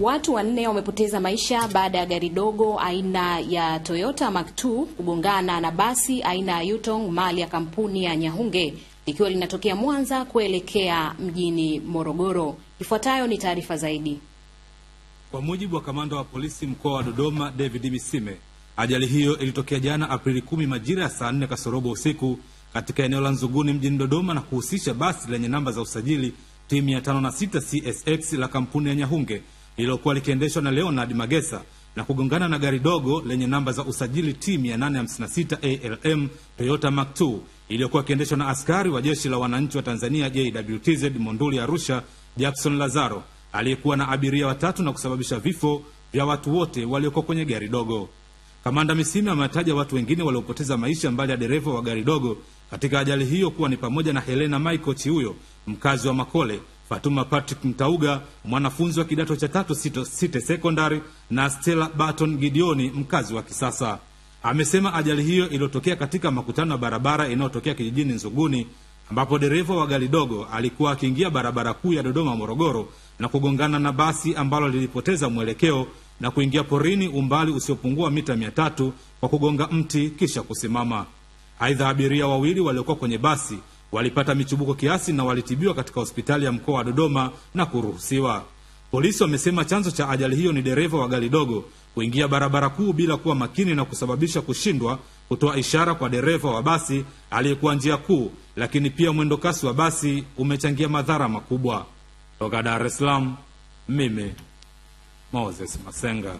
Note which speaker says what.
Speaker 1: Watu wanne wamepoteza maisha baada ya gari dogo aina ya Toyota Mark 2 kugongana na basi aina ya Yutong mali ya kampuni ya Nyahunge likiwa linatokea Mwanza kuelekea mjini Morogoro. Ifuatayo ni taarifa zaidi.
Speaker 2: Kwa mujibu wa kamanda wa polisi mkoa wa Dodoma David misime ajali hiyo ilitokea jana Aprili kumi majira ya saa nne kasorobo usiku katika eneo la Nzuguni mjini Dodoma na kuhusisha basi lenye namba za usajili T506 CSX la kampuni ya Nyahunge lililokuwa likiendeshwa na Leonard Magesa na kugongana na gari dogo lenye namba za usajili T 856 ALM Toyota Mark 2 iliyokuwa ikiendeshwa na askari wa jeshi la wananchi wa Tanzania JWTZ Monduli Arusha Jackson Lazaro aliyekuwa na abiria watatu na kusababisha vifo vya watu wote waliokuwa kwenye gari dogo. Kamanda Misimi amewataja watu wengine waliopoteza maisha mbali ya dereva wa gari dogo katika ajali hiyo kuwa ni pamoja na Helena Michael Chiuyo mkazi wa Makole Fatuma Patrick Mtauga, mwanafunzi wa kidato cha tatu Site Sekondari, na Stella Barton Gideoni, mkazi wa Kisasa. Amesema ajali hiyo iliyotokea katika makutano ya barabara inayotokea kijijini Nzuguni, ambapo dereva wa gari dogo alikuwa akiingia barabara kuu ya Dodoma Morogoro na kugongana na basi ambalo lilipoteza mwelekeo na kuingia porini umbali usiopungua mita mia tatu kwa kugonga mti kisha kusimama. Aidha, abiria wawili waliokuwa kwenye basi walipata michubuko kiasi na walitibiwa katika hospitali ya mkoa wa Dodoma na kuruhusiwa. Polisi wamesema chanzo cha ajali hiyo ni dereva wa gari dogo kuingia barabara kuu bila kuwa makini na kusababisha kushindwa kutoa ishara kwa dereva wa basi aliyekuwa njia kuu, lakini pia mwendo kasi wa basi umechangia madhara makubwa. Toka Dar es Salaam, mimi Moses Masenga.